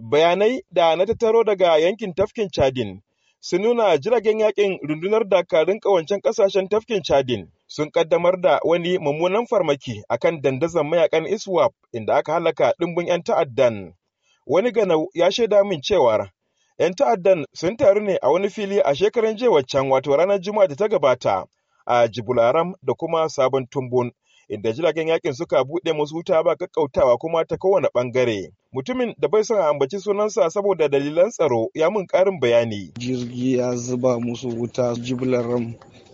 bayanai da na tattaro daga yankin tafkin chadin sun nuna jiragen yakin rundunar dakarun kawancen kasashen tafkin chadin sun kaddamar da wani mummunan farmaki akan dandazon mayakan iswap inda aka halaka dimbin 'yan ta'addan wani ganau ya shaida min cewa, 'yan ta'addan sun taru ne a wani fili a shekaran jiya waccan wato ranar juma'a da ta gabata a jibularam da kuma sabon tumbun inda jiragen yakin suka buɗe musu wuta ba kakkautawa kuma ta kowane ɓangare. Mutumin da bai son a ambaci sunansa saboda dalilan tsaro ya mun ƙarin bayani. Jirgi ya zuba musu wuta jiblar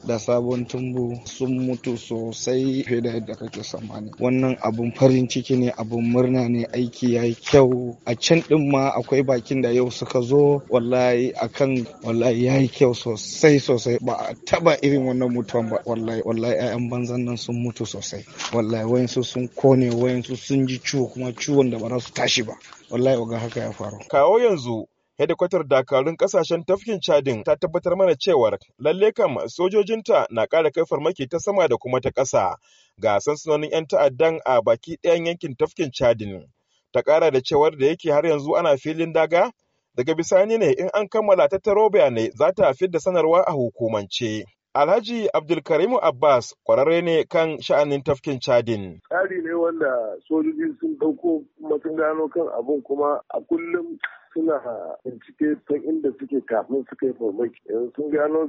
da sabon tumbu sun mutu sosai fiye da yadda kake tsammani wannan abun farin ciki ne abun murna ne aiki ya yi kyau a can din ma akwai bakin da yau suka zo wallahi akan wallahi ya yi kyau sosai sosai ba a taba irin wannan mutuwan ba wallahi wallahi 'ya'yan banzan nan sun mutu sosai wallahi wayansu sun kone wayansu sun ji ciwo kuma ciwon da ba za su tashi ba wallahi ga haka ya faru kawo yanzu hedikwatar dakarun kasashen tafkin chadin ta tabbatar mana cewar lalle kam sojojinta na ƙara kai farmaki ta sama da kuma ta ƙasa ga sansanonin 'yan ta'addan a baki ɗayan yankin tafkin chadin ta ƙara da cewar da yake har yanzu ana filin daga daga bisani ne in an kammala tattaro bayanai za ta da sanarwa a hukumance Alhaji Abdulkarimu Abbas kwararre ne kan sha'anin tafkin Chadin. Tsari ne wanda sojoji sun ɗauko kuma gano kan abun kuma a kullum suna bincike ta inda suke kafin suka yi farmaki yanzu sun gano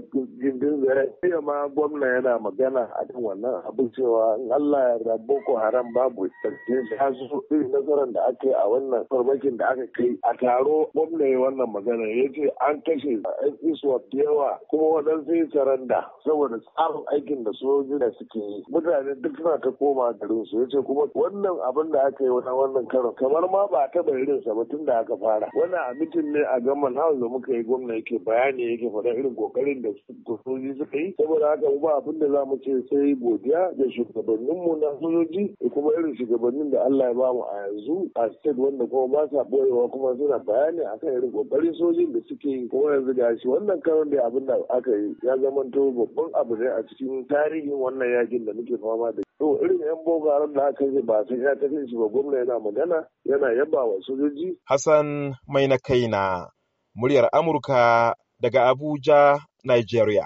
gindin zaren jiya ma gwamna yana magana a kan wannan abin cewa in Allah ya yarda Boko Haram babu sarki ya zo irin nasarar da aka yi a wannan farmakin da aka kai a taro gwamna ya wannan magana ya ce an kashe yan isuwa da yawa kuma waɗansu yi saranda saboda tsarin aikin da sojoji da suke yi mutane duk suna ta koma garin su ya ce kuma wannan abin da aka yi wannan karo kamar ma ba ta taɓa irinsa ba tun da aka fara wannan ana mitin ne a gaman house da muka yi gwamna yake bayani yake faɗa irin kokarin da sojoji suka yi saboda haka ba abin da za mu ce sai godiya da shugabanninmu na sojoji da kuma irin shugabannin da Allah ya ba mu a yanzu a state wanda kuma ba sa boyewa kuma suna bayani akan irin kokarin sojin da suke yi kuma yanzu ga shi wannan karon da abin da aka yi ya zamanto babban abu ne a cikin tarihin wannan yakin da muke fama da to irin yan bogaran da aka yi ba su ya tafi shi ba gwamna yana magana yana yaba wa sojoji hassan mai na kaina muryar amurka daga abuja nigeria